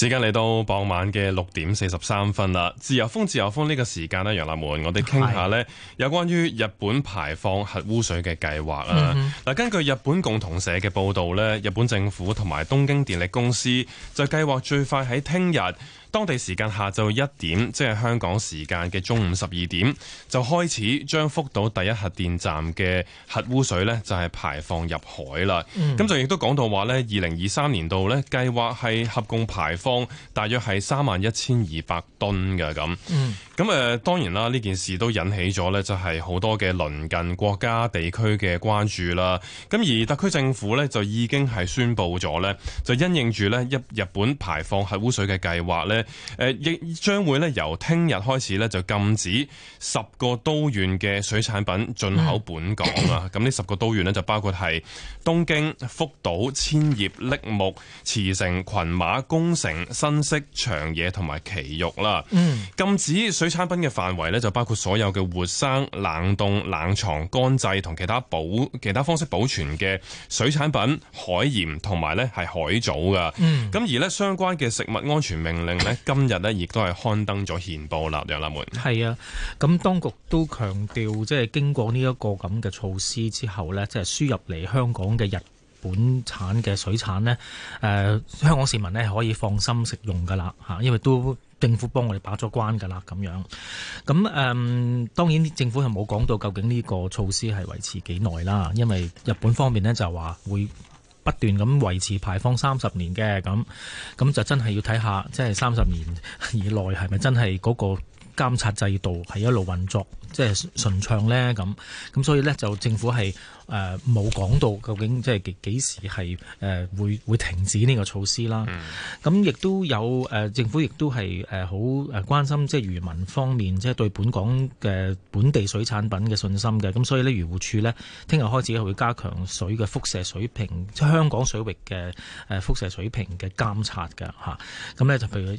時間嚟到傍晚嘅六點四十三分啦，自由風自由風呢個時間呢，楊立門，我哋傾下呢有關於日本排放核污水嘅計劃啦。嗱的，根據日本共同社嘅報道呢，日本政府同埋東京電力公司就計劃最快喺聽日。當地時間下晝一點，即係香港時間嘅中午十二點就開始將福島第一核電站嘅核污水咧，就係、是、排放入海啦。咁、嗯、就亦都講到話咧，二零二三年度咧計劃係合共排放大約係三、嗯、萬一千二百噸嘅咁。咁、呃、誒當然啦，呢件事都引起咗咧，就係、是、好多嘅鄰近國家地區嘅關注啦。咁而特區政府咧就已經係宣布咗咧，就因應住咧日日本排放核污水嘅計劃咧。誒，亦將會咧由聽日開始咧就禁止十個都縣嘅水產品進口本港啊！咁呢十個都縣呢，就包括係東京、福島、千葉、栃木、茨城、群馬、宮城、新潟、長野同埋埼玉啦。嗯，禁止水產品嘅範圍呢，就包括所有嘅活生、冷凍、冷藏、乾製同其他保其他方式保存嘅水產品、海鹽同埋咧係海藻噶。嗯，咁而呢，相關嘅食物安全命令。今日呢，亦都係刊登咗憲報啦，楊立門。係啊，咁當局都強調，即係經過呢一個咁嘅措施之後呢，即係輸入嚟香港嘅日本產嘅水產呢，誒香港市民呢可以放心食用㗎啦嚇，因為都政府幫我哋把咗關㗎啦咁樣。咁誒，當然政府係冇講到究竟呢個措施係維持幾耐啦，因為日本方面呢就話會。不斷咁維持排放三十年嘅咁，咁就真係要睇下，即係三十年以內係咪真係嗰個監察制度係一路運作，即係順暢呢？咁咁所以呢，就政府係。誒冇講到究竟即係幾幾時係誒、呃、會會停止呢個措施啦。咁亦、嗯、都有誒、呃、政府亦都係誒好誒關心即係漁民方面即係、就是、對本港嘅本地水產品嘅信心嘅。咁所以呢，漁護署呢，聽日開始會會加強水嘅輻射水平，即、就是、香港水域嘅誒、呃、輻射水平嘅監察嘅咁、啊、呢，就譬如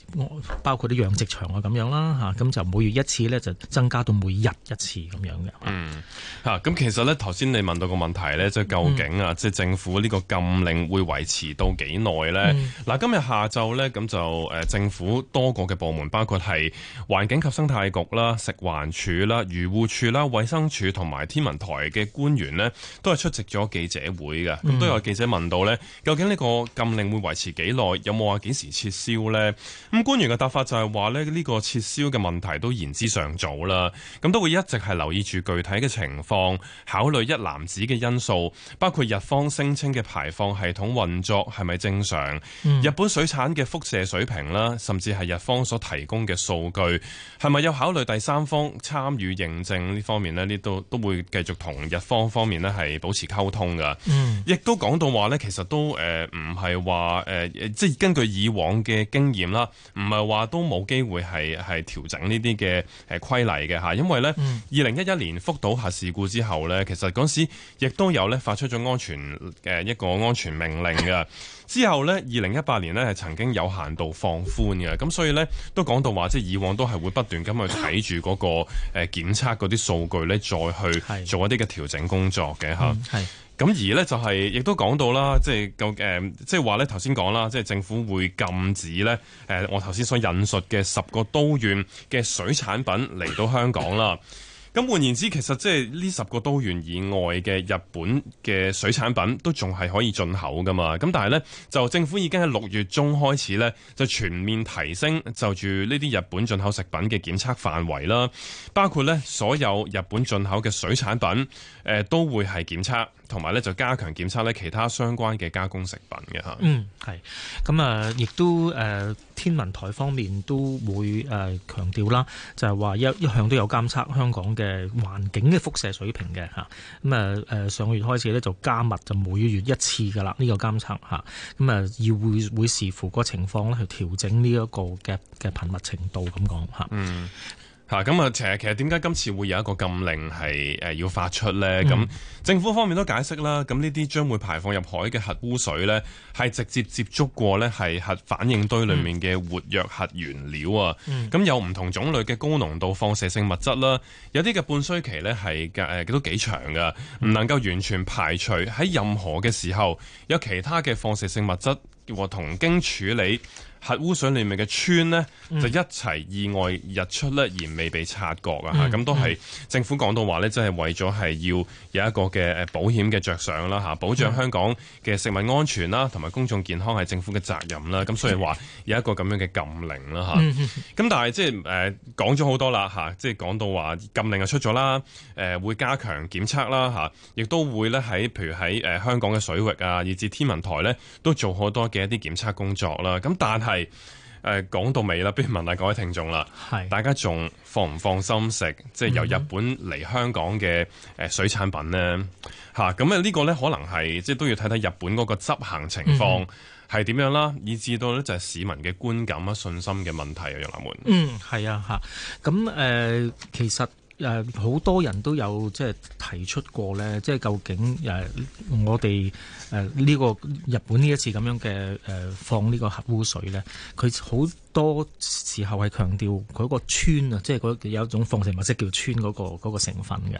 包括啲養殖場啊咁樣啦，咁就每月一次呢，就增加到每日一次咁樣嘅。咁、啊嗯啊、其實呢，頭先你問到個。問題呢，即係究竟啊，即係政府呢個禁令會維持到幾耐呢？嗱、嗯，今日下晝呢，咁就誒政府多個嘅部門，包括係環境及生態局啦、食環署啦、漁護署啦、衛生署同埋天文台嘅官員呢，都係出席咗記者會嘅。咁都有記者問到呢，究竟呢個禁令會維持幾耐？有冇話幾時撤銷呢？咁官員嘅答法就係話咧，呢個撤銷嘅問題都言之尚早啦。咁都會一直係留意住具體嘅情況，考慮一籃子。嘅因素，包括日方聲稱嘅排放系統運作係咪正常，日本水產嘅輻射水平啦，甚至係日方所提供嘅數據，係咪有考慮第三方參與認證呢方面咧？呢都都會繼續同日方方面咧係保持溝通噶。嗯，亦都講到話咧，其實都誒唔係話誒，即係根據以往嘅經驗啦，唔係話都冇機會係係調整呢啲嘅誒規例嘅吓，因為咧二零一一年福島核事故之後咧，其實嗰時。亦都有咧，發出咗安全、呃、一個安全命令嘅。之後咧，二零一八年咧係曾經有限度放寬嘅。咁所以咧都講到話，即係以往都係會不斷咁去睇住嗰個檢測嗰啲數據咧，再去做一啲嘅調整工作嘅。咁而咧就係、是、亦都講到啦，即係即係話咧頭先講啦，即係政府會禁止咧、呃、我頭先所引述嘅十個都縣嘅水產品嚟到香港啦。咁換言之，其實即係呢十個都縣以外嘅日本嘅水產品都仲係可以進口㗎嘛？咁但係呢，就政府已經喺六月中開始呢，就全面提升就住呢啲日本進口食品嘅檢測範圍啦，包括呢所有日本進口嘅水產品，呃，都會係檢測。同埋咧就加強檢測咧，其他相關嘅加工食品嘅嚇，嗯，嗯係，咁啊亦都誒天文台方面都會誒強調啦，就係話一一向都有監測香港嘅環境嘅輻射水平嘅嚇，咁啊誒上個月開始咧，就加密就每月一次噶啦，呢個監測嚇，咁啊要會會視乎個情況咧，去調整呢一個嘅嘅頻密程度咁講嚇。嗯嚇，咁啊！其實其實點解今次會有一個禁令係誒要發出咧？咁、嗯、政府方面都解釋啦。咁呢啲將會排放入海嘅核污水咧，係直接接觸過咧係核反應堆裡面嘅活躍核原料啊。咁、嗯、有唔同種類嘅高濃度放射性物質啦，有啲嘅半衰期咧係誒都幾長噶，唔能夠完全排除喺任何嘅時候有其他嘅放射性物質和同經處理。核污水裡面嘅村呢，就一齊意外溢出呢，而未被察覺啊！嚇、嗯，咁都係政府講到話呢，即係為咗係要有一個嘅誒保險嘅着想啦嚇，保障香港嘅食物安全啦，同埋公眾健康係政府嘅責任啦。咁所以話有一個咁樣嘅禁令啦嚇。咁、嗯嗯、但係即係誒講咗好多啦嚇，即係講到話禁令啊出咗啦，誒會加強檢測啦嚇，亦都會咧喺譬如喺誒香港嘅水域啊，以至天文台呢，都做好多嘅一啲檢測工作啦。咁但係係誒，講、呃、到尾啦，不如問下各位聽眾啦，係是大家仲放唔放心食，即係由日本嚟香港嘅誒水產品咧？吓咁、嗯、啊，個呢個咧可能係即係都要睇睇日本嗰個執行情況係點樣啦，嗯、以至到咧就係市民嘅觀感啊、信心嘅問題啊，楊立門。嗯，係啊，吓咁誒，其實。誒好、呃、多人都有即係提出過咧，即係究竟誒、呃、我哋誒呢個日本呢一次咁樣嘅誒、呃、放呢個核污水咧，佢好多時候係強調佢個村啊，即係嗰有一種放射物質叫村嗰、嗰個嗰個成分嘅。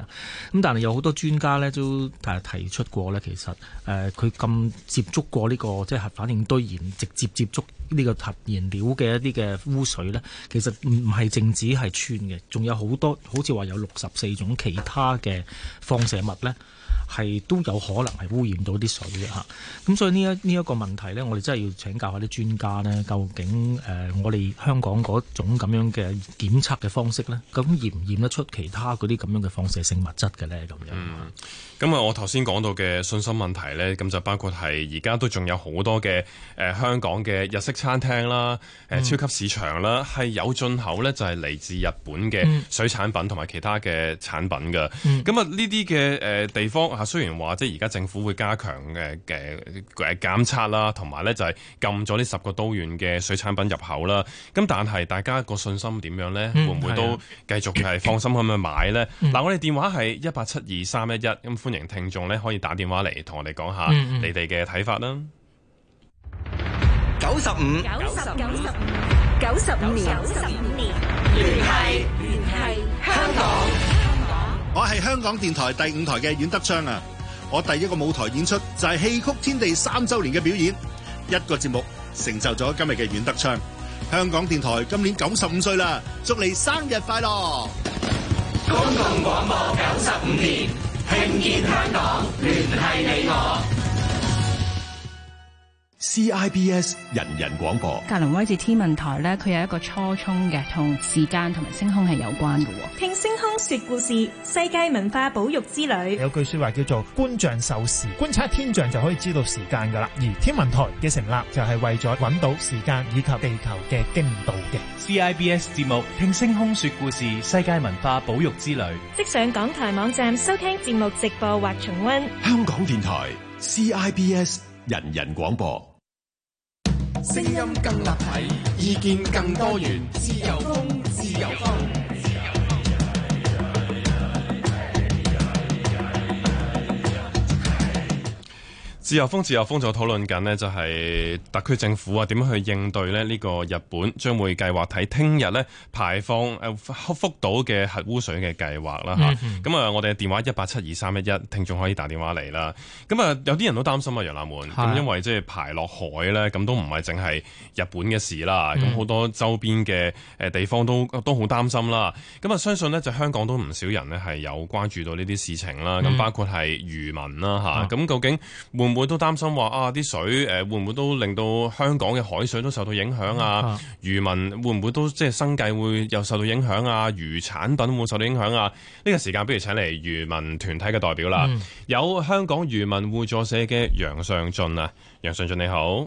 咁但係有好多專家咧都誒提出過咧，其實誒佢咁接觸過呢、呢個即係、即係、核反應堆燃直接接觸呢個核燃料嘅一啲嘅污水咧，其實唔唔係淨止係村嘅，仲有好多好多好似話有六十四種其他嘅放射物咧。係都有可能係污染到啲水嘅嚇，咁所以呢一呢一,一個問題呢，我哋真係要請教下啲專家呢，究竟誒、呃、我哋香港嗰種咁樣嘅檢測嘅方式呢，咁驗唔驗得出其他嗰啲咁樣嘅放射性物質嘅呢？咁樣、嗯？咁啊，我頭先講到嘅信心問題呢，咁就包括係而家都仲有好多嘅誒、呃、香港嘅日式餐廳啦、誒、呃嗯、超級市場啦，係有進口呢，就係、是、嚟自日本嘅水產品同埋其他嘅產品嘅。咁、嗯嗯、啊，呢啲嘅誒地方。雖然話即係而家政府會加強嘅嘅誒檢測啦，同埋咧就係禁咗呢十個都縣嘅水產品入口啦。咁但係大家個信心點樣咧？嗯、會唔會都繼續係放心咁樣買咧？嗱、嗯，我哋電話係一八七二三一一，咁歡迎聽眾咧可以打電話嚟同我哋講下你哋嘅睇法啦。九十五，九十五，九十五年聯繫聯繫香港。我係香港電台第五台嘅阮德昌啊！我第一個舞台演出就係《戲曲天地》三周年嘅表演，一個節目成就咗今日嘅阮德昌。香港電台今年九十五歲啦，祝你生日快樂！公共廣播九十五年，興建香港，聯繫你我。CIBS 人人廣播，格林威治天文台咧，佢有一個初衷嘅，同時間同埋星空係有關嘅。聽星空說故事，世界文化保育之旅，有句說話叫做觀象授時，觀察天象就可以知道時間噶啦。而天文台嘅成立就係為咗揾到時間以及地球嘅經度嘅。CIBS 節目聽星空說故事，世界文化保育之旅，即上港台網站收聽節目直播或重溫。香港電台 CIBS 人人廣播。聲音更立體，意見更多元，自由風。自由風，自由風就討論緊呢，就係特區政府啊，點樣去應對咧？呢個日本將會計劃睇聽日咧排放福島嘅核污水嘅計劃啦，咁啊、嗯，嗯、我哋嘅電話一八七二三一一，聽眾可以打電話嚟啦。咁啊，有啲人都擔心啊，楊上進，是因為即係排落海咧，咁都唔係淨係日本嘅事啦。咁好多周邊嘅地方都、嗯、都好擔心啦。咁啊，相信呢，就香港都唔少人呢係有關注到呢啲事情啦。咁包括係漁民啦，咁究竟會唔會？會都擔心話啊，啲水誒會唔會都令到香港嘅海水都受到影響啊？漁、啊、民會唔會都即係生計會又受到影響啊？漁產品會受到影響啊？呢、這個時間不如請嚟漁民團體嘅代表啦。嗯、有香港漁民互助社嘅楊上進啊，楊上進你好，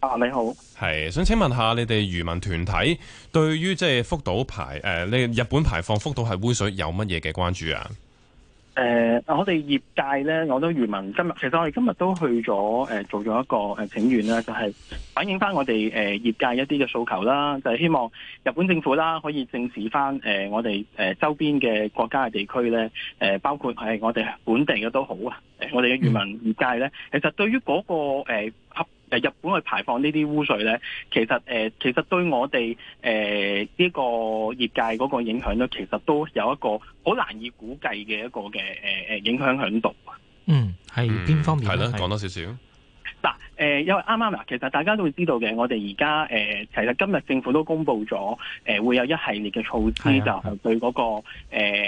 啊你好，係想請問下你哋漁民團體對於即係福島排誒呢、呃、日本排放福島核污水有乜嘢嘅關注啊？誒、呃，我哋業界咧，我都漁民今日，其實我哋今日都去咗、呃、做咗一個誒請願啦，就係、是、反映翻我哋誒、呃、業界一啲嘅訴求啦，就係、是、希望日本政府啦，可以正視翻誒、呃、我哋、呃、周邊嘅國家嘅地區咧、呃，包括係、呃、我哋本地嘅都好啊、呃，我哋嘅漁民業界咧，其實對於嗰、那個合。呃誒，日本去排放呢啲污水呢，其實誒、呃，其實對我哋誒呢個業界嗰個影響呢，其實都有一個好難以估計嘅一個嘅誒誒影響響度。嗯，係邊方面咧？係咯、嗯，講多少少。誒、呃，因為啱啱嗱，其實大家都會知道嘅，我哋而家誒，其實今日政府都公布咗，誒、呃、會有一系列嘅措施就、那個，就係對嗰個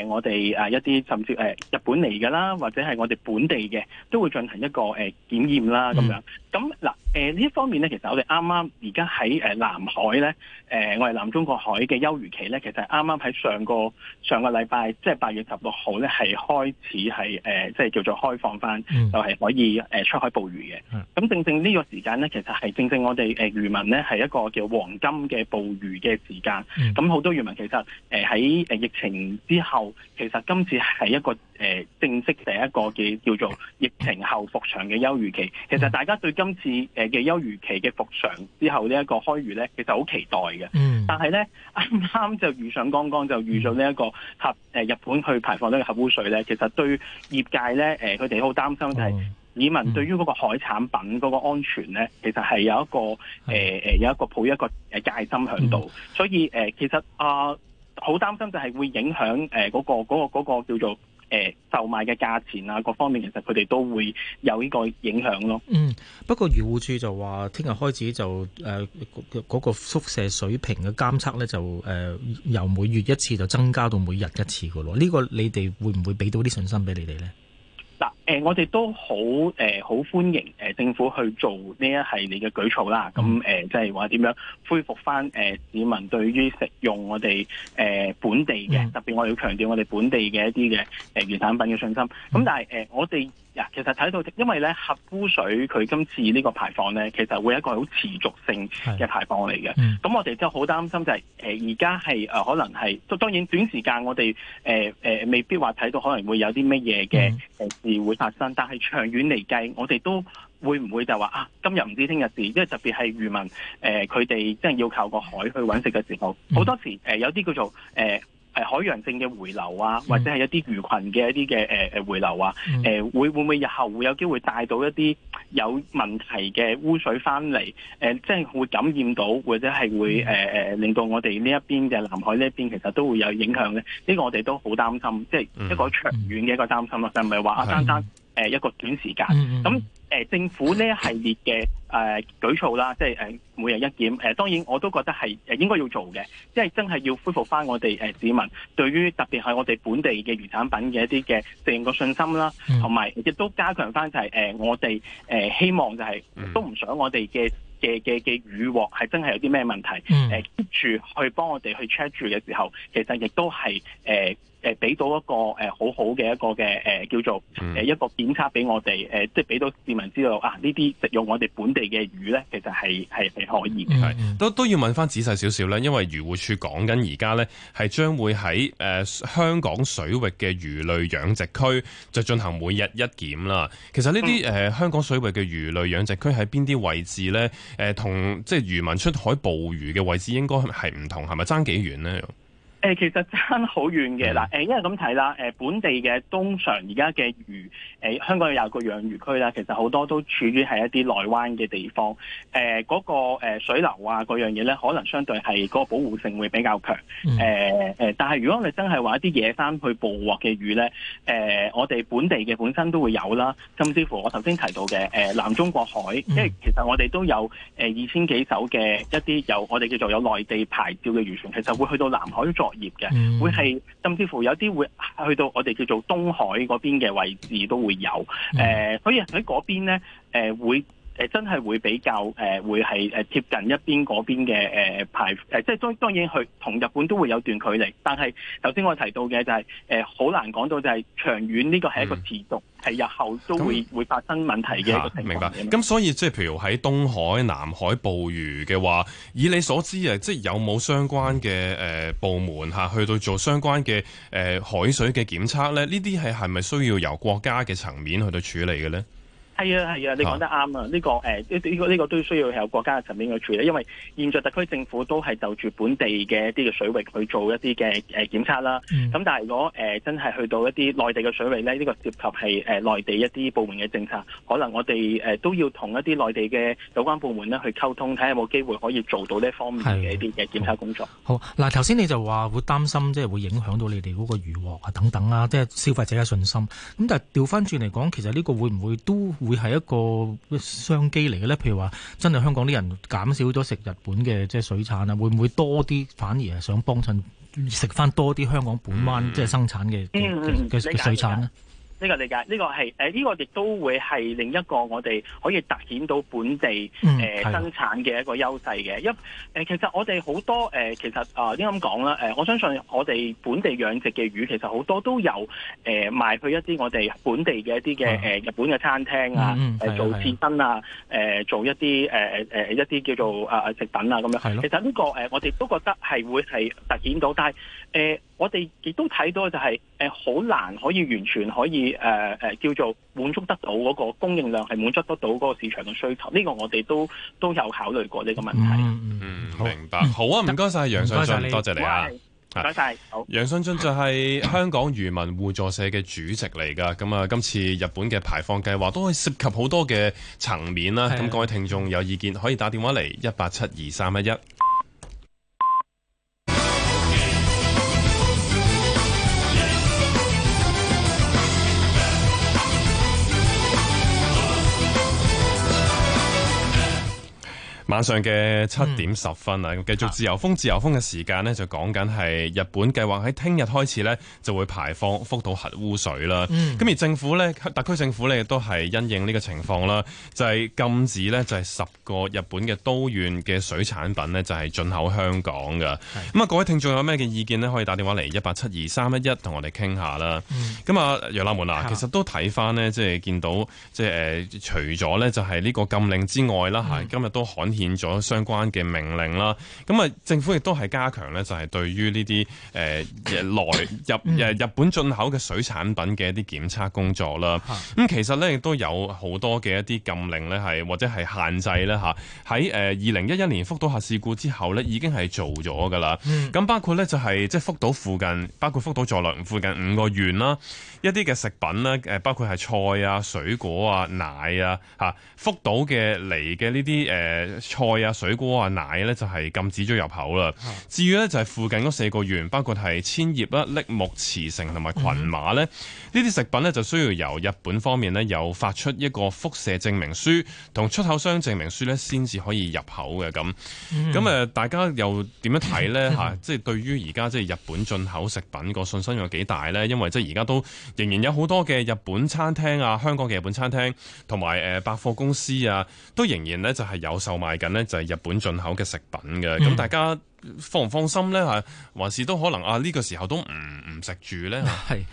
我哋啊一啲甚至誒、呃、日本嚟嘅啦，或者係我哋本地嘅，都會進行一個誒檢驗啦，咁樣。咁嗱、嗯，誒呢、呃、方面咧，其實我哋啱啱而家喺南海咧，誒、呃、我哋南中國海嘅休漁期咧，其實係啱啱喺上個上個禮拜，即係八月十六號咧，係開始係即係叫做開放翻，就係、是、可以誒出海捕魚嘅。咁、嗯、正正。呢個時間呢，其實係正正我哋誒、呃、漁民呢，係一個叫黃金嘅捕魚嘅時間。咁好、嗯、多漁民其實誒喺誒疫情之後，其實今次係一個誒、呃、正式第一個嘅叫做疫情後復場嘅休漁期。其實大家對今次誒嘅、呃、休漁期嘅復場之後呢一個開漁呢，其實好期待嘅。嗯、但係呢，啱啱就遇上剛剛就遇咗呢一個核誒日本去排放呢個核污水呢，其實對業界呢，誒佢哋好擔心就係、是。嗯市民對於嗰個海產品嗰個安全呢，其實係有一個誒誒、嗯呃、有一個抱一個誒戒心喺度，嗯、所以誒、呃、其實啊好擔心就係會影響誒嗰個嗰、嗰個嗰個、叫做誒、呃、售賣嘅價錢啊各方面，其實佢哋都會有呢個影響咯。嗯，不過漁護處就話，聽日開始就誒嗰、呃嗰個輻射水平嘅監測呢，就、呃、誒由每月一次就增加到每日一次嘅咯。呢、呢個你哋會唔會俾到啲信心俾你哋呢？誒、呃，我哋都好誒，好、呃、歡迎誒、呃、政府去做呢一系列嘅舉措啦。咁誒，即係話點樣恢復返誒、呃、市民對於食用我哋誒、呃、本地嘅，特別我哋要強調我哋本地嘅一啲嘅誒原產品嘅信心。咁、嗯、但係誒、呃，我哋。其實睇到，因為咧核污水佢今次呢個排放咧，其實會一個好持續性嘅排放嚟嘅。咁、嗯、我哋真係好擔心就係、是，誒而家係誒可能係，當然短時間我哋誒誒未必話睇到可能會有啲乜嘢嘅事會發生。嗯、但係長遠嚟計，我哋都會唔會就話啊，今日唔知聽日事，因為特別係漁民誒佢哋即係要靠個海去搵食嘅時候，好多時誒、呃嗯呃、有啲叫做誒。呃誒海洋性嘅回流啊，或者係一啲魚群嘅一啲嘅誒誒回流啊，誒會會唔會日後會有機會帶到一啲有問題嘅污水翻嚟？誒，即係會感染到，或者係會誒誒令到我哋呢一邊嘅南海呢一邊其實都會有影響咧。呢個我哋都好擔心，即係一個長遠嘅一個擔心啦，就唔係話單單誒一個短時間咁。誒、呃、政府呢一系列嘅誒、呃、舉措啦，即係、呃、每日一檢，誒、呃、當然我都覺得係誒應該要做嘅，即係真係要恢復返我哋誒市民對於特別係我哋本地嘅魚產品嘅一啲嘅成個信心啦，同埋、嗯、亦都加強返就係、是、誒、呃、我哋、呃、希望就係、是、都唔想我哋嘅嘅嘅嘅魚獲係真係有啲咩問題，keep 住、嗯呃、去幫我哋去 check 住嘅時候，其實亦都係誒。呃誒俾到一個誒好好嘅一個嘅誒叫做誒一個檢測俾我哋誒，即係俾到市民知道啊！呢啲食用我哋本地嘅魚呢，其實係係係可以嘅。係、嗯嗯、都都要問翻仔細少少啦，因為漁護處講緊而家呢係將會喺誒、呃、香港水域嘅魚類養殖區就進行每日一檢啦。其實呢啲誒香港水域嘅魚類養殖區喺邊啲位置呢？誒、呃、同即係漁民出海捕魚嘅位置應該係唔同，係咪爭幾遠呢？嗯其實爭好遠嘅，嗱，因為咁睇啦，本地嘅通常而家嘅魚，香港有廿個養魚區啦，其實好多都處於喺一啲內灣嘅地方，嗰、嗰個水流啊嗰樣嘢咧，可能相對係嗰個保護性會比較強。嗯、但係如果你真係話一啲野生去捕獲嘅魚咧，我哋本地嘅本身都會有啦，甚至乎我頭先提到嘅南中國海，即係其實我哋都有二千幾艘嘅一啲有我哋叫做有內地牌照嘅漁船，其實會去到南海作業嘅，會係、嗯、甚至乎有啲會去到我哋叫做東海嗰邊嘅位置都會有，誒、呃，所以喺嗰邊咧，誒、呃、會。真係會比較誒、呃、會係誒貼近一邊嗰邊嘅誒排即係當當然去同日本都會有段距離。但係頭先我提到嘅就係、是、好、呃、難講到就係長遠呢個係一個持續係、嗯、日後都會、嗯、會發生問題嘅一個情況、啊、明白。咁所以即係譬如喺東海、南海捕魚嘅話，以你所知即係有冇相關嘅誒、呃、部門去到做相關嘅誒、呃、海水嘅檢測咧？呢啲係係咪需要由國家嘅層面去到處理嘅咧？係啊，係啊，你講得啱啊！呢、啊這個誒呢、這個呢、這個這個都需要有國家嘅層面去處理，因為現在特區政府都係就住本地嘅一啲嘅水域去做一啲嘅誒檢測啦。咁、嗯、但係如果誒真係去到一啲內地嘅水域咧，呢、這個涉及係誒內地一啲部門嘅政策，可能我哋誒都要同一啲內地嘅有關部門咧去溝通，睇下有冇機會可以做到呢方面嘅一啲嘅檢測工作。好，嗱頭先你就話會擔心即係會影響到你哋嗰個漁獲啊等等啊，即、就、係、是、消費者嘅信心。咁但係調翻轉嚟講，其實呢個會唔會都？會係一個商機嚟嘅咧？譬如話，真係香港啲人減少咗食日本嘅即係水產啊，會唔會多啲反而係想幫襯食返多啲香港本灣即係生產嘅嘅水產呢？呢、這個理解，呢、這個係誒呢個亦都會係另一個我哋可以突顯到本地誒、呃嗯、生產嘅一個優勢嘅，因誒、呃、其實我哋好多誒、呃、其實啊應該咁講啦，誒、呃呃、我相信我哋本地養殖嘅魚其實好多都有誒賣、呃、去一啲我哋本地嘅一啲嘅誒日本嘅餐廳啊，誒做刺身啊，誒、呃、做一啲誒誒一啲叫做啊、呃、食品啊咁樣。的其實呢、這個誒、呃、我哋都覺得係會係突顯到，但係誒。呃我哋亦都睇到就係好難可以完全可以誒、呃、叫做滿足得到嗰個供應量係滿足得到嗰個市場嘅需求，呢、呢個我哋都都有考慮過呢個問題嗯。嗯，明白。好啊，唔該晒。楊上進，多謝，謝你啊，唔該曬。好，楊上進就係香港漁民互助社嘅主席嚟㗎。咁啊，今次日本嘅排放計劃都係涉及好多嘅層面啦。咁的各位聽眾有意見可以打電話嚟一八七二三一一。晚上嘅七點十分啊，繼、嗯、續自由風、嗯、自由風嘅時間咧，就講緊係日本計劃喺聽日開始咧就會排放福島核污水啦。咁、嗯、而政府咧，特區政府咧亦都係因應呢個情況啦，就係、是、禁止咧就係、是、十個日本嘅都縣嘅水產品咧就係、是、進口香港嘅。咁啊是，各位聽眾有咩嘅意見咧？可以打電話嚟一八七二三一一同我哋傾下啦。咁、嗯、啊，楊立門啊，嗯、其實都睇翻咧，即係見到即係誒除咗咧就係呢個禁令之外啦，吓、嗯、今日都罕現咗相關嘅命令啦，咁啊政府亦都係加強咧，就係對於呢啲誒來入誒日本進口嘅水產品嘅一啲檢測工作啦。咁其實咧亦都有好多嘅一啲禁令咧，係或者係限制咧吓。喺誒二零一一年福島核事故之後咧，已經係做咗噶啦。咁包括咧就係即係福島附近，包括福島在內附近五個縣啦，一啲嘅食品啦，誒包括係菜啊、水果啊、奶啊吓，福島嘅嚟嘅呢啲誒。菜啊、水果啊、奶咧就係、是、禁止咗入口啦。至於咧就係、是、附近嗰四個縣包括係千葉啦、栃木、茨城同埋群馬咧，呢啲、嗯、食品咧就需要由日本方面咧有發出一個輻射證明書同出口商證明書咧先至可以入口嘅。咁咁誒大家又點樣睇咧？吓即係對於而家即係日本進口食品個信心有幾大咧？因為即係而家都仍然有好多嘅日本餐廳啊、香港嘅日本餐廳同埋誒百貨公司啊，都仍然咧就係、是、有售賣。緊呢就係日本進口嘅食品嘅，咁、嗯、大家放唔放心呢？吓，還是都可能啊？呢個時候都唔唔食住呢？係誒、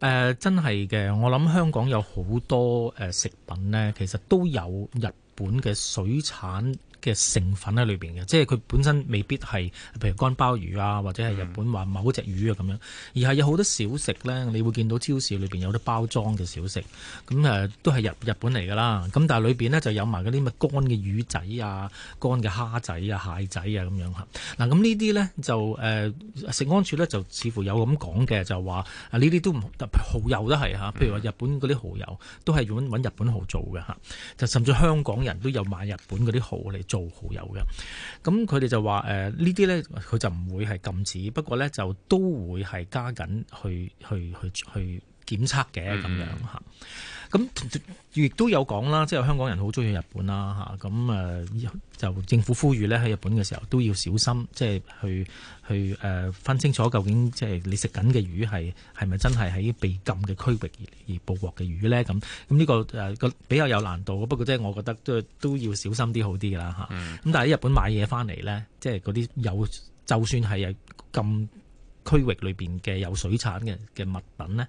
呃，真係嘅，我諗香港有好多誒食品呢，其實都有日本嘅水產。嘅成分喺裏面嘅，即係佢本身未必係，譬如乾鮑魚啊，或者係日本話某隻魚啊咁樣，嗯、而係有好多小食咧，你會見到超市裏面有啲包裝嘅小食，咁、嗯呃、都係日日本嚟㗎啦。咁但係裏面呢，就有埋嗰啲乜乾嘅魚仔啊、乾嘅蝦仔啊、蟹仔啊咁樣，嗱咁、啊啊、呢啲咧就、呃、食安處咧就似乎有咁講嘅，就話啊呢啲都特別蠔油都係、啊、譬如話日本嗰啲蠔油都係揾揾日本蠔做嘅，就甚至香港人都有買日本嗰啲蠔嚟。做好友嘅，咁佢哋就話誒、呃、呢啲咧，佢就唔會係禁止，不過咧就都會係加緊去去去去檢測嘅咁、嗯、樣嚇。咁亦都有講啦，即係香港人好中意日本啦嚇，咁誒就政府呼籲咧喺日本嘅時候都要小心，即係去去誒分清楚究竟即係你食緊嘅魚係係咪真係喺被禁嘅區域而捕獲嘅魚咧？咁咁呢個誒個比較有難度，不過即係我覺得都都要小心啲好啲㗎啦嚇，咁，但係喺日本買嘢翻嚟咧，即係嗰啲有就算係禁區域裏邊嘅有水產嘅嘅物品咧。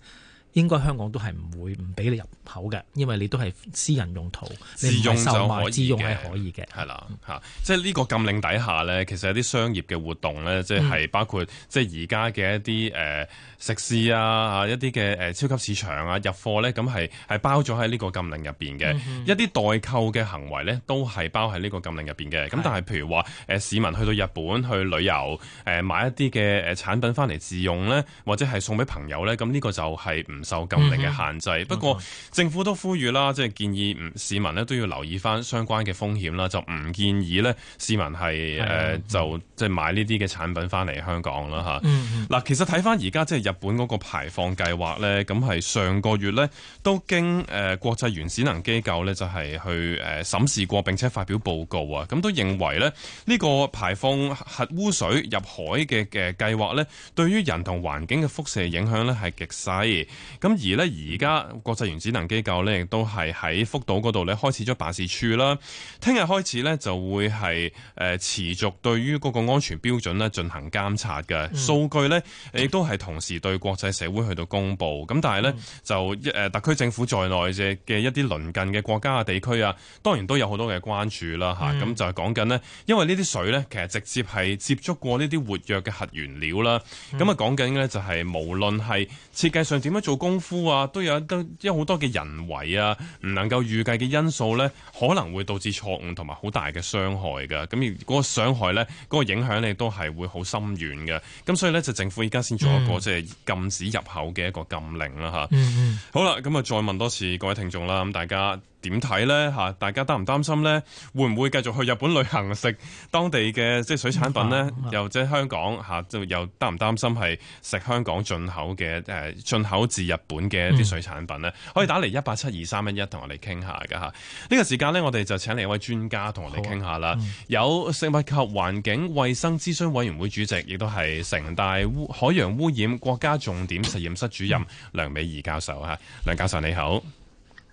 應該香港都係唔會唔俾你入口嘅，因為你都係私人用途，你唔係售賣，自用就可以嘅。係啦，嚇的，嗯、即係呢個禁令底下呢，其實有啲商業嘅活動呢，即係包括即係而家嘅一啲誒、呃、食肆啊，一啲嘅誒超級市場啊入貨呢，咁係係包咗喺呢個禁令入邊嘅。嗯、哼一啲代購嘅行為呢，都係包喺呢個禁令入邊嘅。咁的但係譬如話，誒、呃、市民去到日本去旅遊，誒、呃、買一啲嘅誒產品翻嚟自用呢，或者係送俾朋友呢，咁呢個就係唔不受禁令嘅限制，mm hmm. 不過政府都呼籲啦，即、就、係、是、建議市民都要留意翻相關嘅風險啦，就唔建議市民係誒、mm hmm. 呃、就即係買呢啲嘅產品翻嚟香港啦吓。嗱、mm，hmm. 其實睇翻而家即係日本嗰個排放計劃呢，咁係上個月呢都經誒國際原子能機構呢就係去誒審視過，並且發表報告啊，咁都認為呢個排放核污水入海嘅嘅計劃呢，對於人同環境嘅輻射影響呢係極細。咁而咧，而家國際原子能機構咧亦都係喺福島嗰度咧開始咗辦事處啦。聽日開始咧就會係誒、呃、持續對於嗰個安全標準咧進行監察嘅數據咧，亦都係同時對國際社會去到公布，咁但係咧、嗯、就誒、呃、特區政府在內嘅嘅一啲鄰近嘅國家啊地區啊，當然都有好多嘅關注啦吓，咁、嗯啊、就係講緊咧，因為呢啲水咧其實直接係接觸過呢啲活躍嘅核原料啦。咁啊講緊咧就係、就是、無論係設計上點樣做。功夫啊，都有得有好多嘅人為啊，唔能夠預計嘅因素呢，可能會導致錯誤同埋好大嘅傷害㗎。咁而嗰個傷害呢，嗰、嗰個影響力都係會好深遠嘅。咁所以呢，就政府依家先做一個即係禁止入口嘅一個禁令啦、啊，吓。嗯嗯嗯、好啦，咁啊，再問多次各位聽眾啦，咁大家，點睇呢？吓？大家擔唔擔心呢？會唔會繼續去日本旅行食當地嘅即係水產品呢？又即係香港吓，就又擔唔擔心係食香港進口嘅誒，進口自日本嘅一啲水產品呢？嗯、可以打嚟一八七二三一一同我哋傾下噶吓。呢、嗯、個時間呢，我哋就請嚟一位專家同我哋傾下啦。啊嗯、有食物及環境衛生諮詢委員會主席，亦都係城大海洋污染國家重點實驗室主任梁美儀教授吓。梁教授你好。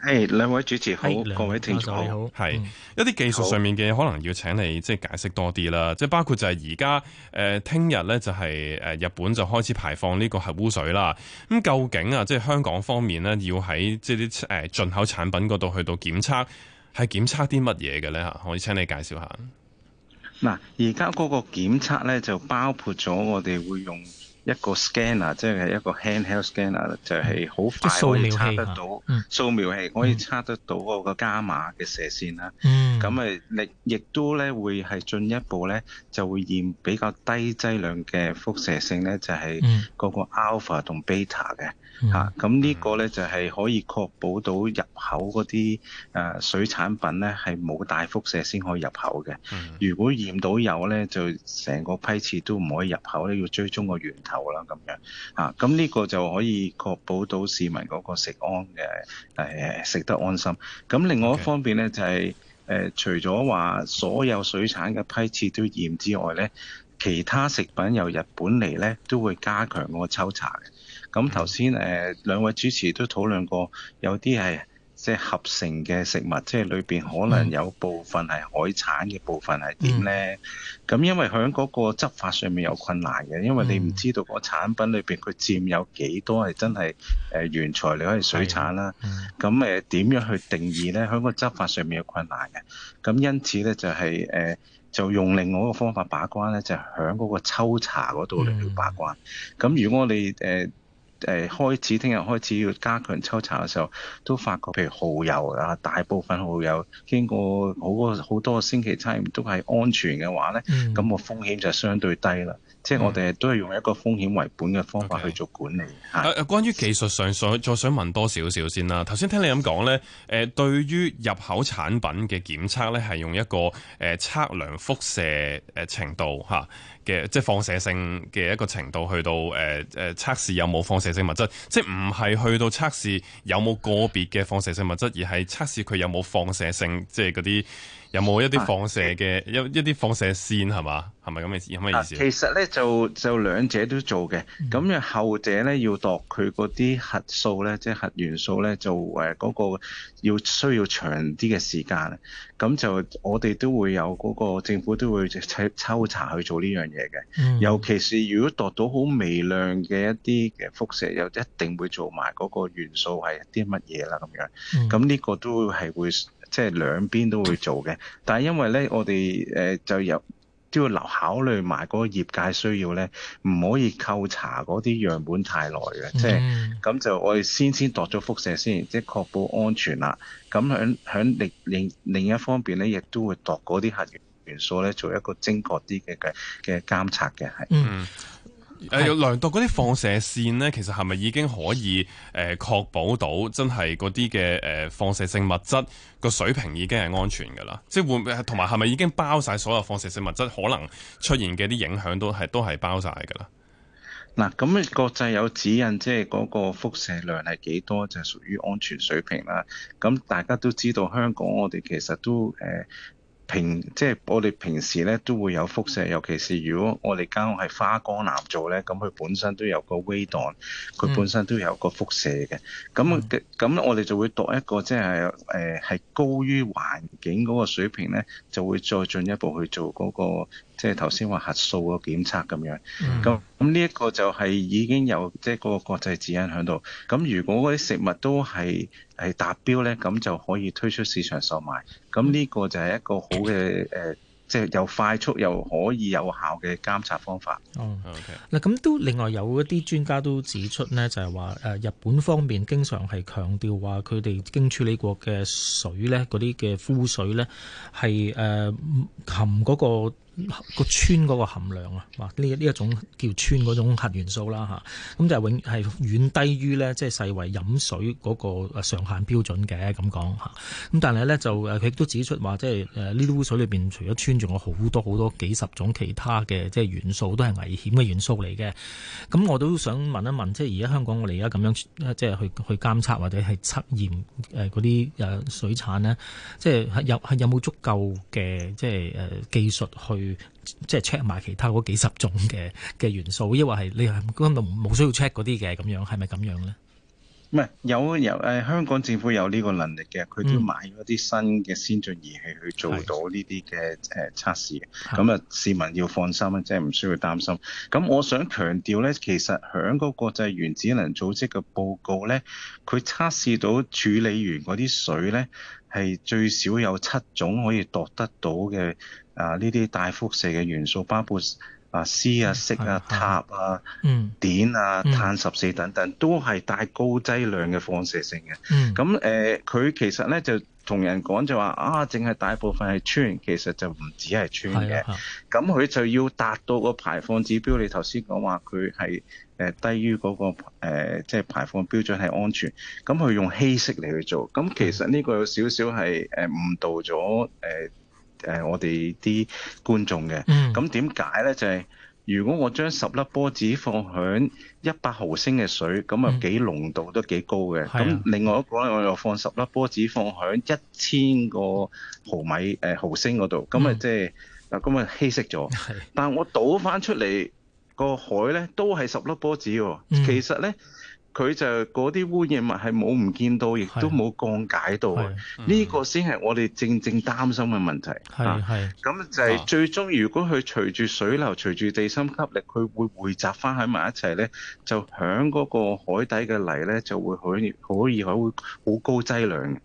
係兩、hey, 位主持好，hey, 各位聽眾好。係好一啲技術上面嘅可能要請你即係解釋多啲啦。即係好包括就係而家誒，聽日咧就係誒，日本就開始排放呢個核污水啦。咁究竟啊，即、就、係、是、香港方面咧，要喺即係啲誒進口產品嗰度去到檢測，係檢測啲乜嘢嘅咧？吓，可以請你介紹下。嗱，而家嗰個檢測咧，就包括咗我哋會用。一個 scanner 即係一個 handheld scanner，就係好快可以測得到。嗯，就是啊嗯、素描係可以測得到嗰個伽瑪嘅射線啦。咁誒、嗯，亦亦都咧會係進一步咧，就會驗比較低劑量嘅輻射性咧，就係嗰個 alpha 同 beta 嘅。咁呢、嗯啊、個呢，就係、是、可以確保到入口嗰啲誒水產品呢，係冇大輻射先可以入口嘅。嗯、如果驗到有呢，就成個批次都唔可以入口呢，要追蹤個源頭啦。咁樣嚇，咁、啊、呢個就可以確保到市民嗰個食安嘅、呃、食得安心。咁另外一方面呢，Okay. 就係、是呃、除咗話所有水產嘅批次都驗之外呢，其他食品由日本嚟呢，都會加強嗰個抽查嘅。咁頭先誒兩位主持都討論過有，有啲係即係合成嘅食物，即係裏面可能有部分係海產嘅部分係點呢？咁、嗯嗯、因為喺嗰個執法上面有困難嘅，因為你唔知道個產品裏面佢佔有幾多係真係原材料係水產啦。咁點、嗯嗯嗯呃、樣去定義呢？喺個執法上面有困難嘅。咁因此呢，就係、是呃、就用另外一個方法把關呢，就係喺嗰個抽查嗰度嚟去把關。咁、嗯嗯、如果我哋、呃誒，開始聽日開始要加強抽查嘅時候，都發覺譬如蠔油啊，大部分蠔油經過好多好多星期差驗都係安全嘅話咧，咁個、嗯、風險就相對低啦。嗯、即係我哋都係用一個風險為本嘅方法去做管理。誒 Okay. 是，關於技術上想再想問多少少先啦。頭先聽你咁講咧，誒，對於入口產品嘅檢測咧，係用一個誒測量輻射誒程度嚇。嘅即係放射性嘅一個程度去到誒誒、呃呃、測試有冇放射性物質，即係唔係去到測試有冇個別嘅放射性物質，而係測試佢有冇放射性，即係嗰啲。有冇一啲放射嘅、啊、一一啲放射線係嘛？係咪咁嘅意思？有咩意思？其實咧就就兩者都做嘅。咁、嗯、樣後者咧要度佢嗰啲核素咧，即係核元素咧，就誒嗰、呃嗰個要需要長啲嘅時間。咁就我哋都會有嗰、嗰個政府都會抽，抽查去做呢樣嘢嘅。嗯、尤其是如果度到好微量嘅一啲嘅輻射，又一定會做埋嗰個元素係啲乜嘢啦咁樣。咁呢、嗯、個都係會。即係兩邊都會做嘅，但係因為咧，我哋就有都要留考慮埋嗰個業界需要咧，唔可以扣查嗰啲樣本太耐嘅，mm hmm，即係咁就我哋先先度咗輻射先，即係確保安全啦。咁喺響另另另一方面咧，亦都會度嗰啲核元素咧，做一個精確啲嘅嘅監察嘅係。誒、啊、量度嗰啲放射線呢，其實係咪已經可以誒、呃、確保到真係嗰啲嘅誒放射性物質個水平已經係安全㗎啦？即係同埋係咪已經包晒所有放射性物質可能出現嘅啲影響都係都係包晒㗎啦？嗱，咁國際有指引，即係嗰個輻射量係幾多就屬於安全水平啦、啊。咁大家都知道香港，我哋其實都誒。呃平即係我哋平時咧都會有輻射，尤其是如果我哋間屋係花崗岩做咧，咁佢本身都有個微檔，佢本身都有個輻射嘅。咁咁、嗯、我哋就會度一個即係誒係高於環境嗰個水平咧，就會再進一步去做嗰、那個即係頭先話核素個檢測咁樣。咁咁呢一個就係已經有即係個國際指引喺度。咁如果嗰啲食物都係。係達標咧，咁就可以推出市場售賣。咁呢個就係一個好嘅、呃、即係又快速又可以有效嘅監察方法。哦，嗱，咁都另外有一啲專家都指出咧，就係話日本方面經常係強調話佢哋經處理過嘅水咧，嗰啲嘅污水咧係誒含嗰、嗰個個氚嗰個含量啊，哇！呢呢一種叫氚嗰種核元素啦嚇，咁就永係遠低於咧，即係世衞飲水嗰個上限標準嘅咁講嚇。咁但係咧就誒，佢亦都指出話，即係誒呢啲污水裏邊除咗氚仲有好多好多幾十種其他嘅即係元素，都係危險嘅元素嚟嘅。咁我都想問一問，即係而家香港我哋而家咁樣即係去去監測或者係測驗誒嗰啲誒水產咧，即係有係有冇足夠嘅即係誒技術去？即係 check 埋其他嗰幾十種嘅嘅元素，抑或係你係根本冇需要 check 嗰啲嘅咁樣，係咪咁樣咧？唔係有有誒、呃，香港政府有呢個能力嘅，佢都買咗啲新嘅先進儀器去做到呢啲嘅誒測試嘅。咁啊的，市民要放心，即係唔需要擔心。咁我想強調咧，其實響嗰國際原子能組織嘅報告咧，佢測試到處理完嗰啲水咧，係最少有七種可以度得到嘅。啊！呢啲大輻射嘅元素，包括啊 C 啊、啊色啊、啊塔啊、碘啊、嗯、碳十四等等，都係帶高劑量嘅放射性嘅。咁誒、嗯，佢、呃、其實咧就同人講就話啊，淨係大部分係氚，其實就唔止係氚嘅。咁佢、啊、就要達到個排放指標。你頭先講話佢係低於嗰個即係、呃就是、排放標準係安全。咁佢用稀釋嚟去做，咁其實呢個有少少係誒誤導咗誒。嗯呃誒、呃，我哋啲觀眾嘅，咁點解呢？就係、是、如果我將十粒波子放響一百毫升嘅水，咁啊幾濃度都幾高嘅。咁、嗯、另外一個咧，我又放十粒波子放響一千個毫米誒、呃、毫升嗰度，咁啊即係嗱，咁啊、嗯、稀釋咗。的但係我倒翻出嚟、個海呢，都係十粒波子。嗯、其實呢。佢就嗰啲污染物係冇唔見到，亦都冇降解到，呢個先係我哋正正擔心嘅問題。係，係，咁就係最終，如果佢隨住水流、隨住地心吸力，佢會匯集翻喺埋一齊咧，就響嗰個海底嘅泥咧，就會可可以好好高劑量。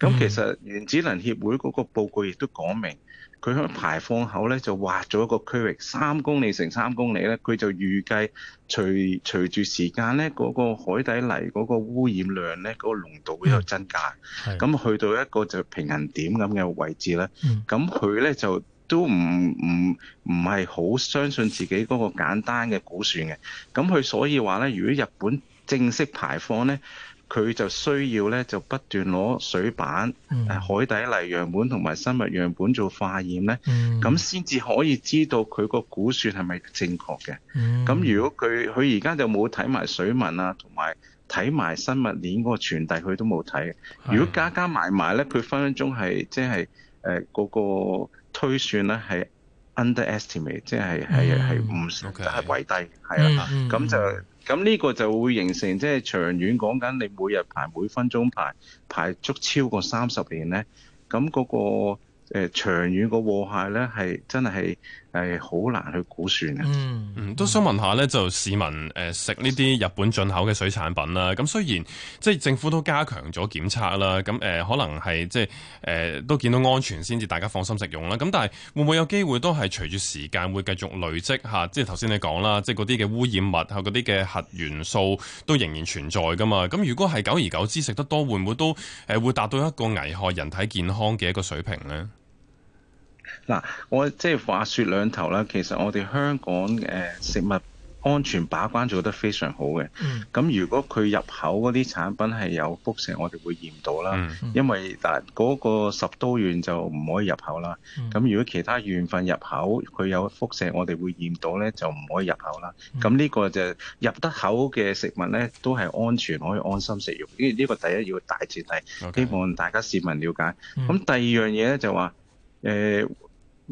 咁其實原子能協會嗰個報告亦都講明。佢喺排放口咧就劃咗一個區域，三公里乘三公里咧，佢就預計隨隨住時間咧，嗰、嗰個海底泥嗰個污染量咧，嗰、嗰個濃度會有增加。咁、嗯、去到一個就平衡點咁嘅位置咧，咁佢咧就都唔唔唔係好相信自己嗰個簡單嘅估算嘅。咁佢所以話咧，如果日本正式排放咧。佢就需要咧，就不斷攞水板、嗯啊、海底泥樣本同埋生物樣本做化驗咧，咁先至可以知道佢個估算係咪正確嘅。咁、嗯、如果佢佢而家就冇睇埋水文啊，同埋睇埋生物鏈嗰個傳遞，佢都冇睇。如果加加埋埋咧，佢的分分鐘係即係誒嗰個推算咧係 underestimate，即係係係唔係太鬼低，係啊，咁、嗯嗯、就。咁呢個就會形成即係、就是、長遠講緊，你每日排，每分鐘排排足超過三十年呢。咁嗰、嗰個長、呃、長遠個禍害呢咧係真係。係好難去估算啊。嗯，嗯，都想問下呢，就市民誒食呢啲日本進口嘅水產品啦。咁雖然即係政府都加強咗檢測啦，咁誒、呃、可能係即係誒、呃、都見到安全先至，大家放心食用啦。咁但係會唔會有機會都係隨住時間會繼續累積吓？即係頭先你講啦，即係嗰啲嘅污染物啊，嗰啲嘅核元素都仍然存在噶嘛？咁如果係久而久之食得多，會唔會都誒會達到一個危害人體健康嘅一個水平呢？嗱，我即係話説兩頭啦。其實我哋香港、呃、食物安全把關做得非常好嘅。咁、嗯、如果佢入口嗰啲產品係有輻射，我哋會驗到啦。嗯嗯、因為嗱嗰個十都縣就唔可以入口啦。咁、嗯、如果其他縣份入口佢有輻射，我哋會驗到呢，就唔可以入口啦。咁呢、嗯、個就入得口嘅食物呢，都係安全可以安心食用。呢、這、呢個第一要大前提，Okay. 希望大家市民了解。咁、嗯、第二樣嘢呢，就話誒。呃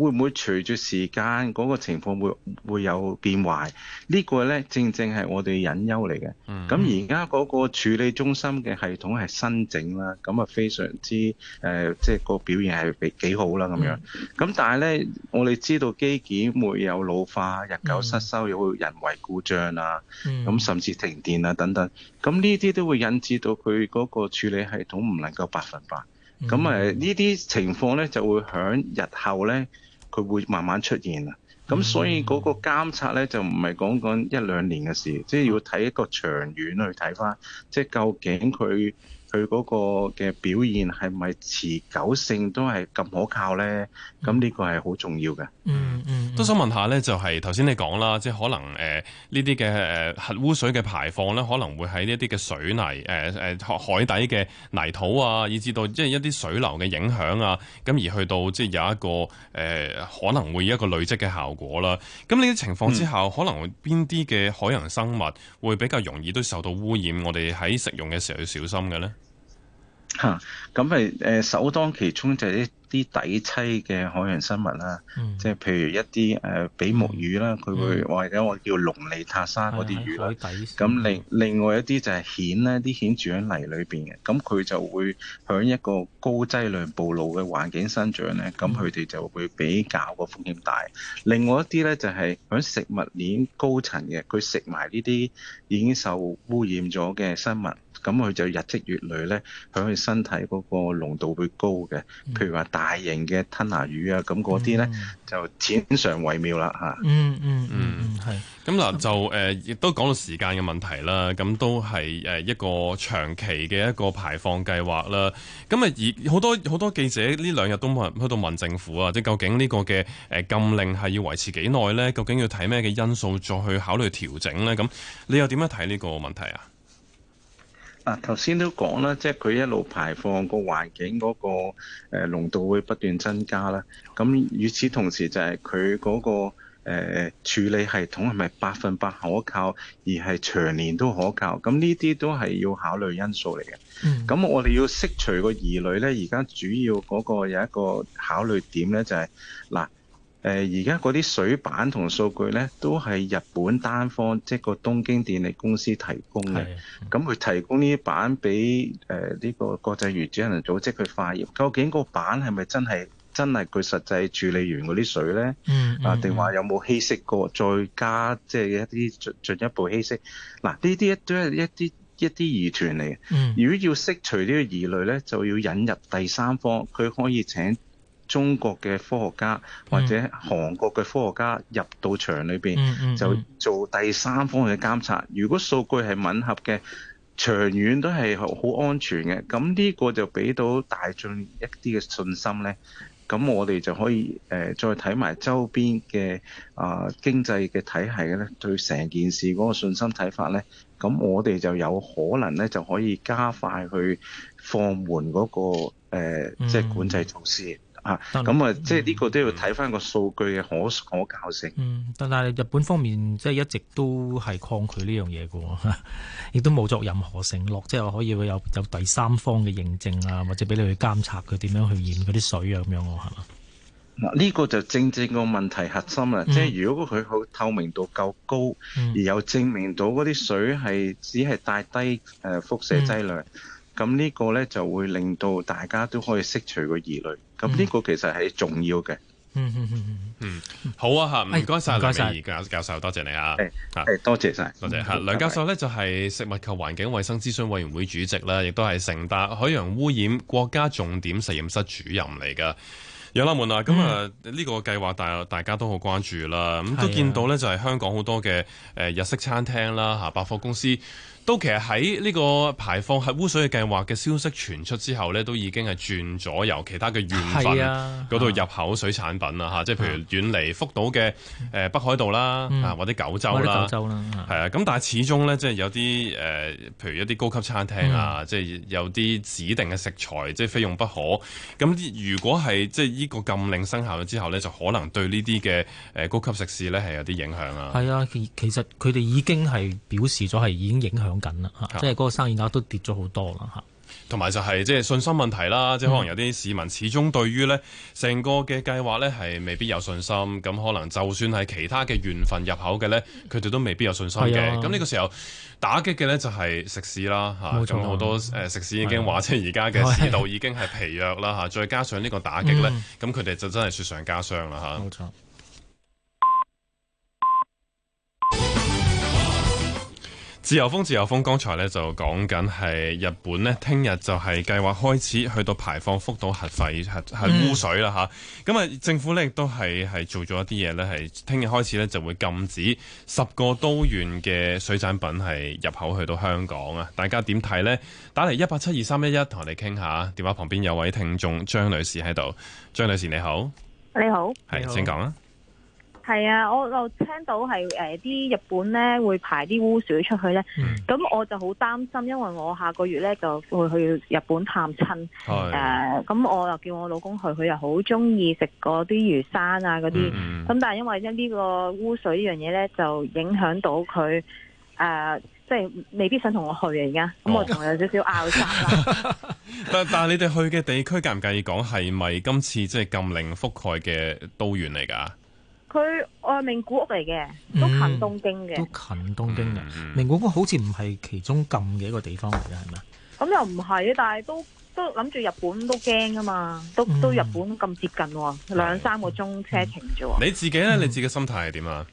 會唔會隨住時間嗰，那個情況會會有變壞？呢，這個呢，正正係我哋隱憂嚟嘅。咁而家嗰個處理中心嘅系統係新整啦，咁啊非常之誒，即，呃，係，就是，個表現係幾好啦咁樣。咁，嗯，但係呢，我哋知道機件會有老化，日久失修，又會，嗯，人為故障啊，咁，嗯，甚至停電啊等等。咁呢啲都會引致到佢嗰個處理系統唔能夠百分百。咁誒呢啲情況呢，就會響日後呢。佢會慢慢出現啊！咁所以嗰個監察咧就唔係講講一兩年嘅事，即係要睇一個長遠去睇返，即係究竟佢。佢嗰個嘅表現係咪持久性都係咁可靠咧？咁呢個係好重要嘅、嗯。嗯嗯，都想問下咧，就係頭先你講啦，即係可能誒呢啲嘅誒核污水嘅排放咧，可能會喺呢一啲嘅水泥、呃、海底嘅泥土啊，以至到即係一啲水流嘅影響啊，咁而去到即係有一個誒、呃、可能會有一個累積嘅效果啦。咁呢啲情況之下，嗯、可能邊啲嘅海洋生物會比較容易都受到污染？我哋喺食用嘅時候要小心嘅咧。咁係、啊呃、首當其衝就係一啲底棲嘅海洋生物啦，嗯、即係譬如一啲誒、呃、比目魚啦，佢會、嗯、或者我叫龍脷塔沙嗰啲魚啦，咁另另外一啲就係蜆啦，啲蜆住喺泥裏面嘅，咁佢就會響一個高劑量暴露嘅環境生長咧，咁佢哋就會比較個風險大。另外一啲咧就係喺食物鏈高層嘅，佢食埋呢啲已經受污染咗嘅生物。咁佢就日積月累咧，佢佢身體嗰個濃度會高嘅。嗯、譬如話大型嘅吞拿魚啊，咁嗰啲咧就謹常為妙謹慎為妙啦嚇。嗯嗯嗯，係。咁嗱就誒、呃，亦都講到時間嘅問題啦。咁都係誒一個長期嘅一個排放計劃啦。咁啊，而好多好多記者呢兩日都冇人去到問政府啊，即究竟呢個嘅誒禁令係要維持幾耐咧？究竟要睇咩嘅因素再去考慮調整咧？咁你又點樣睇呢個問題啊？嗱，頭先都講啦，即係佢一路排放個環境嗰個誒濃度會不斷增加啦。咁與此同時就係佢嗰個誒、呃、處理系統係咪百分百可靠，而係長年都可靠？咁呢啲都係要考慮因素嚟嘅。咁、嗯、我哋要剔除個疑慮咧，而家主要嗰個有一個考慮點咧、就係，就係嗱。誒而家嗰啲水板同數據咧，都係日本單方即係個東京電力公司提供嘅。咁佢的提供呢啲板俾誒呢個國際原子能組織去化驗，究竟個板係咪真係真係佢實際處理完嗰啲水咧？嗯。啊定話有冇稀釋過？再加即係一啲進進一步稀釋。嗱、啊，呢啲一都係一啲一啲疑團嚟嘅。嗯，嗯。如果要釋除個呢個疑慮咧，就要引入第三方，佢可以請。中國嘅科學家或者韓國嘅科學家入到場裏邊，嗯、就做第三方嘅監察。嗯嗯、如果數據係吻合嘅，長遠都係好安全嘅。咁呢個就俾到大眾一啲嘅信心呢，咁我哋就可以誒、呃、再睇埋周邊嘅、啊、呃、經濟嘅體系呢對成件事嗰個信心睇法呢，咁我哋就有可能呢就可以加快去放緩嗰，嗰個即係、呃即係、管制措施。嗯嗯咁啊，即係呢個都要睇翻個數據嘅可、嗯、可靠性。嗯，但係日本方面即係一直都係抗拒呢樣嘢嘅，亦都冇作任何承諾，即係可以會有有第三方嘅認證啊，或者俾你去監察佢點樣去驗嗰啲水啊，咁樣喎，係嘛？嗱，呢個就正正個問題核心啦。嗯、即係如果佢好透明度夠高，嗯、而又證明到嗰啲水係、嗯、只係帶低誒輻、呃、射劑量，咁、嗯、呢個咧就會令到大家都可以釋除個疑慮。咁呢個其實係重要嘅，嗯。嗯，嗯好啊，吓，唔該晒梁美儀教授，多、哎、謝、謝你啊。多謝晒，多謝吓梁教授呢，就係食物及環境衛生諮詢委員會主席啦，亦都係城大海洋污染國家重點實驗室主任嚟㗎。有 l e 啊，咁、嗯、啊呢個計劃大大家都好關注啦。咁、嗯、都見到呢，就係香港好多嘅誒日式餐廳啦，吓百貨公司。都其實喺呢個排放核污水嘅計劃嘅消息傳出之後呢，都已經係轉咗由其他嘅縣份嗰度入口水產品啦吓，即係、啊啊就是、譬如遠離福島嘅誒北海道啦、嗯、啊，或者九州啦，九州啦，係啊。咁但係始終呢，即、就、係、是、有啲誒、呃，譬如一啲高級餐廳啊，即係、嗯啊就是、有啲指定嘅食材，即、就、係、是、非用不可。咁如果係即係呢個禁令生效咗之後呢，就可能對呢啲嘅誒高級食肆呢，係有啲影響啊。係啊，其其實佢哋已經係表示咗係已經影響了。緊啦，吓，即係嗰個生意額都跌咗好多啦，吓、啊。同埋就係即係信心問題啦，嗯、即係可能有啲市民始終對於咧成個嘅計劃咧係未必有信心，咁可能就算係其他嘅縣份入口嘅咧，佢哋都未必有信心嘅。咁呢、啊、個時候打擊嘅咧就係食肆啦，吓、啊，咁好多誒食肆已經話，即係而家嘅市道已經係疲弱啦，吓、啊。啊、再加上呢個打擊咧，咁佢哋就真係雪上加霜啦，吓。自由風，自由風。剛才咧就講緊係日本咧，聽日就係計劃開始去到排放福島核廢核、核污水啦吓，咁、嗯、啊，政府咧亦都係係做咗一啲嘢咧，係聽日開始咧就會禁止十個都縣嘅水產品係入口去到香港啊！大家點睇咧？打嚟一八七二三一一同我哋傾下。電話旁邊有位聽眾張女士喺度，張女士你好，你好，係好請講啦。係啊，我又聽到係誒啲日本咧會排啲污水出去咧，咁、嗯、我就好擔心，因為我下個月咧就會去日本探親，誒、哦，咁、呃、我又叫我老公去，佢又好中意食嗰啲魚生啊嗰啲，咁、嗯、但係因為咧呢個污水這呢樣嘢咧就影響到佢，誒、呃，即係未必想同我去啊，而家咁我仲有少少拗爭啦。但但係你哋去嘅地區介唔介意講係咪今次即係禁令覆蓋嘅都縣嚟㗎？佢外名古屋嚟嘅，都近東京嘅，嗯，都近東京嘅。明古屋好似唔係其中咁嘅一個地方嚟嘅，係咪？咁又唔係，但係都都諗住日本都驚啊嘛，都、嗯、都日本咁接近喎，兩三個鐘車程啫喎。你自己咧，嗯、你自己心態係點啊？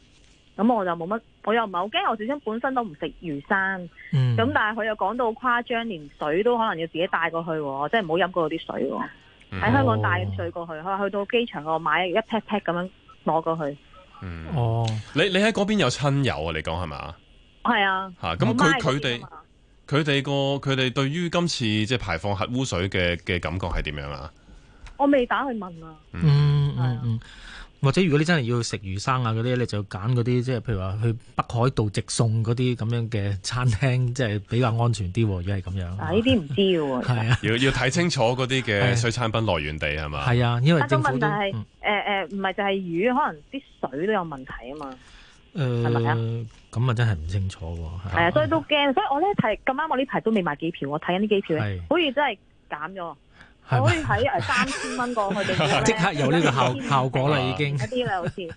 咁我就冇乜，我又唔係好驚。我小先本身都唔食魚生，咁、嗯、但係佢又講到好誇張，連水都可能要自己帶過去，即係唔好過嗰啲水喎。喺、嗯、香港帶水過去，哦、去到機場度買一劈劈 c 咁樣。攞過去。嗯，哦，你你喺嗰邊有親友啊？你講係咪？係啊。嚇、嗯，咁佢佢哋佢哋個佢哋對於今次即係排放核污水嘅嘅感覺係點樣啊？我未打去問啊。嗯嗯嗯。或者如果你真係要食魚生啊嗰啲，你就揀嗰啲即係譬如話去北海道直送嗰啲咁樣嘅餐廳，即係比較安全啲。如果係咁樣，呢啲唔知喎。係啊，啊要要睇清楚嗰啲嘅水產品來源地係嘛。係啊，因為政府都。但問題係誒誒，唔係，嗯呃呃、就係魚，可能啲水都有問題啊嘛。誒、呃，係咪啊？咁啊真係唔清楚。係啊，啊所以都驚。所以我咧睇咁啱，我呢排都未買機票，我睇緊啲機票，好似真係減咗。可以睇，誒，三千蚊，過去即刻有呢個效效果啦，已經一啲啦，好似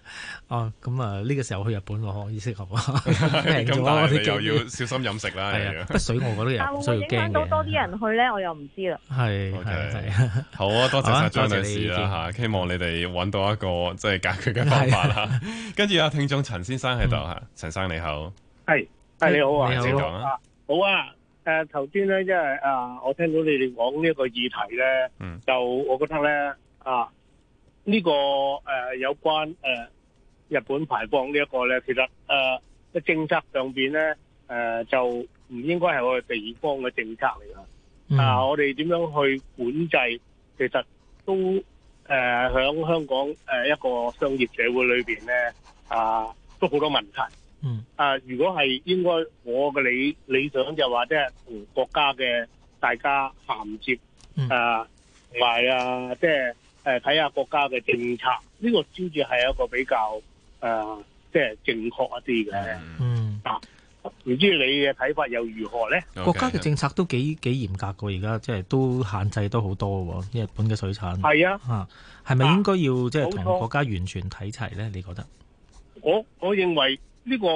哦，咁啊呢個時候去日本可已適合啦。咁我你就要小心飲食啦。不水我覺得人。但會唔會引到多啲人去咧？我又唔知啦。係好啊，多謝晒張女士啦嚇，希望你哋揾到一個即係解決嘅方法啦。跟住有聽眾陳先生喺度嚇，陳生你好。係係你好啊，你好啊。誒，頭先咧，因為啊，我聽到你哋講呢一個議題咧，嗯、就我覺得咧啊，呢、這個誒、啊、有關誒、啊、日本排放呢一個咧，其實誒喺、啊、政策上邊咧，誒就唔應該係我哋地方嘅政策嚟噶。啊，我哋點、嗯啊、樣去管制，其實都誒響、啊、香港誒一個商業社會裏邊咧，啊都好多問題。嗯，啊，如果係應該我嘅理理想就話即係同國家嘅大家銜接，嗯、啊，同埋啊，即係誒睇下國家嘅政策，呢、這個先至係一個比較誒即係正確一啲嘅。嗯，嗱、啊，唔知你嘅睇法又如何咧？Okay. 國家嘅政策都幾幾嚴格嘅，而家即係都限制都好多嘅。日本嘅水產係啊，吓係咪應該要即係同國家完全睇齊咧？你覺得？啊、我我認為。呢個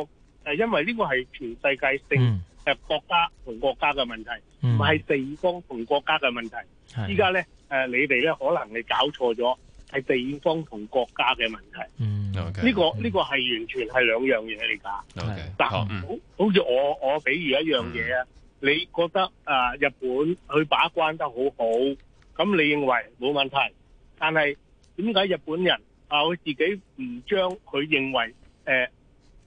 係因為呢個係全世界性，誒國家同國家嘅問題，唔係地方同國家嘅問題。依家咧誒，你哋咧，可能你搞錯咗，係地方同國家嘅問題。呢個呢個係完全係兩樣嘢嚟噶。但，好好似我我比如一樣嘢啊，你覺得誒日本佢把關得好好，咁你認為冇問題，但係點解日本人啊佢自己唔將佢認為誒？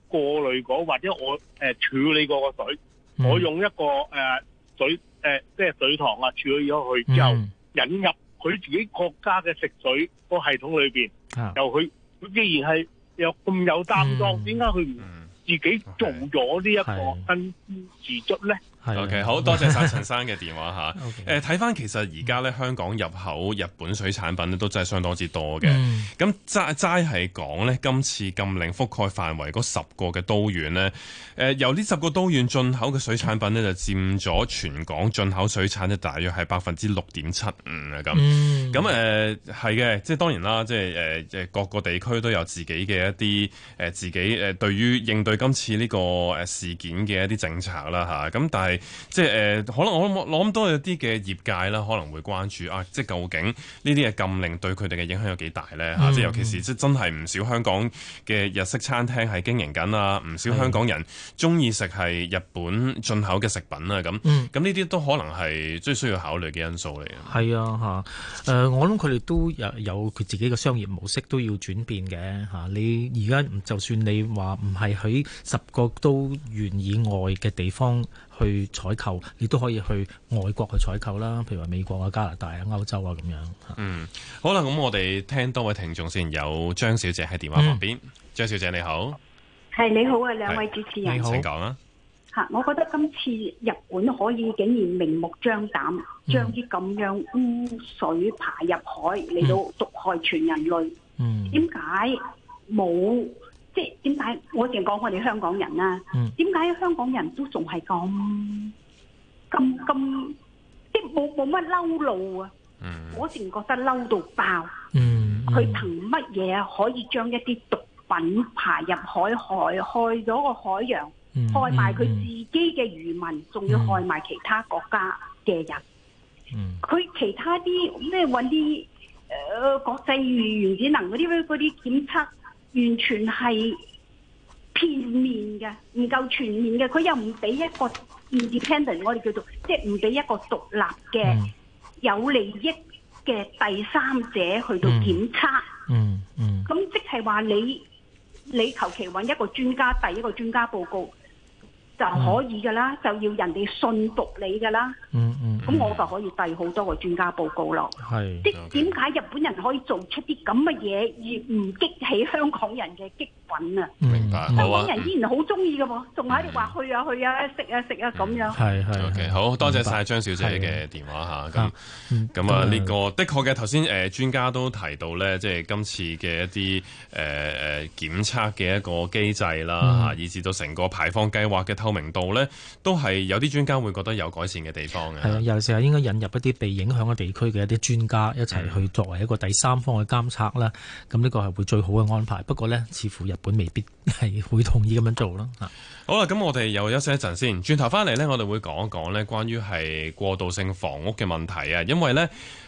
過濾過或者我誒處理過個水，我用一個誒水誒即係水塘啊處理咗佢之後，引入佢自己國家嘅食水個系統裏邊，由佢佢既然係有咁有擔當，點解佢唔自己做咗呢一個根之自足咧？OK，好 多謝晒陳生嘅電話嚇。睇翻 Okay,、呃、其實而家咧香港入口日本水產品咧都真係相當之多嘅。咁齋齋係講咧，今次禁令覆蓋範圍嗰十個嘅都縣咧、呃，由呢十個都縣進口嘅水產品咧就佔咗全港進口水產嘅大約係百分之六點七五啊咁。咁係嘅，即係當然啦，即係、呃、各個地區都有自己嘅一啲、呃、自己誒對於應對今次呢個事件嘅一啲政策啦嚇咁、呃、但係即係誒、呃，可能我諗多有啲嘅業界啦，可能會關注啊。即係究竟呢啲嘅禁令對佢哋嘅影響有幾大咧？吓、嗯，即係、啊、尤其是即係真係唔少香港嘅日式餐廳喺經營緊啊，唔少香港人中意食係日本進口嘅食品啊，咁咁呢啲都可能係最需要考慮嘅因素嚟嘅。係啊，吓、啊、誒，我諗佢哋都有有佢自己嘅商業模式都要轉變嘅吓、啊。你而家就算你話唔係喺十個都縣以外嘅地方。去採購，亦都可以去外國去採購啦，譬如話美國啊、加拿大啊、歐洲啊咁樣。嗯，好啦，咁我哋聽多位聽眾先，有張小姐喺電話旁邊。嗯、張小姐你好，係你好啊，兩位主持人。你好。請講啊。嚇，我覺得今次日本可以竟然明目張膽、嗯、將啲咁樣污水排入海嚟到毒害全人類。嗯。點解冇？即係點解？我淨講我哋香港人啊？點解、嗯、香港人都仲係咁咁咁？即冇冇乜嬲路啊！嗯、我淨覺得嬲到爆。佢憑乜嘢可以將一啲毒品排入海海，害咗個海洋，嗯嗯、害埋佢自己嘅漁民，仲、嗯、要害埋其他國家嘅人。佢、嗯嗯、其他啲咩揾啲誒國際原子能嗰啲嗰啲檢測？完全係片面嘅，唔夠全面嘅。佢又唔俾一個 independent，我哋叫做即係唔俾一個獨立嘅、嗯、有利益嘅第三者去到檢測。嗯嗯。咁、嗯嗯、即係話你你求其揾一個專家，第一個專家報告就可以㗎啦，嗯、就要人哋信服你㗎啦、嗯。嗯嗯。咁我就可以遞好多個專家報告咯。係，即點解日本人可以做出啲咁嘅嘢而唔激起香港人嘅激憤啊？明白，香港人依然好中意嘅喎，仲喺度話去啊去啊食啊食啊咁樣。係係 OK，好多謝晒張小姐嘅電話吓。咁咁啊，呢個的確嘅頭先誒專家都提到咧，即係今次嘅一啲誒誒檢測嘅一個機制啦吓，以至到成個排放計劃嘅透明度咧，都係有啲專家會覺得有改善嘅地方嘅。成日應該引入一啲被影響嘅地區嘅一啲專家，一齊去作為一個第三方嘅監測啦，咁呢個係會最好嘅安排。不過呢，似乎日本未必係會同意咁樣做咯。嚇，好啦，咁我哋又休息一陣先，轉頭翻嚟呢，我哋會講一講咧關於係過渡性房屋嘅問題啊，因為呢。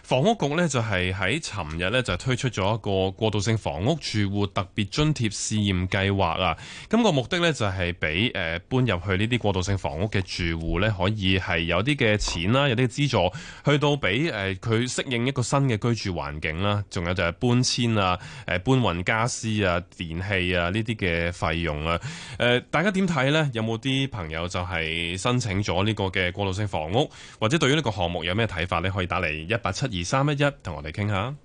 房屋局咧就係喺尋日咧就推出咗一個過渡性房屋住戶特別津貼試驗計劃啊！咁個目的咧就係俾誒搬入去呢啲過渡性房屋嘅住戶咧，可以係有啲嘅錢啦，有啲資助，去到俾誒佢適應一個新嘅居住環境啦。仲有就係搬遷啊、誒搬運傢俬啊、電器啊呢啲嘅費用啊。誒大家點睇咧？有冇啲朋友就係申請咗呢個嘅過渡性房屋，或者對於呢個項目有咩睇法咧？可以打嚟一八七二。二三一一，同我哋傾下。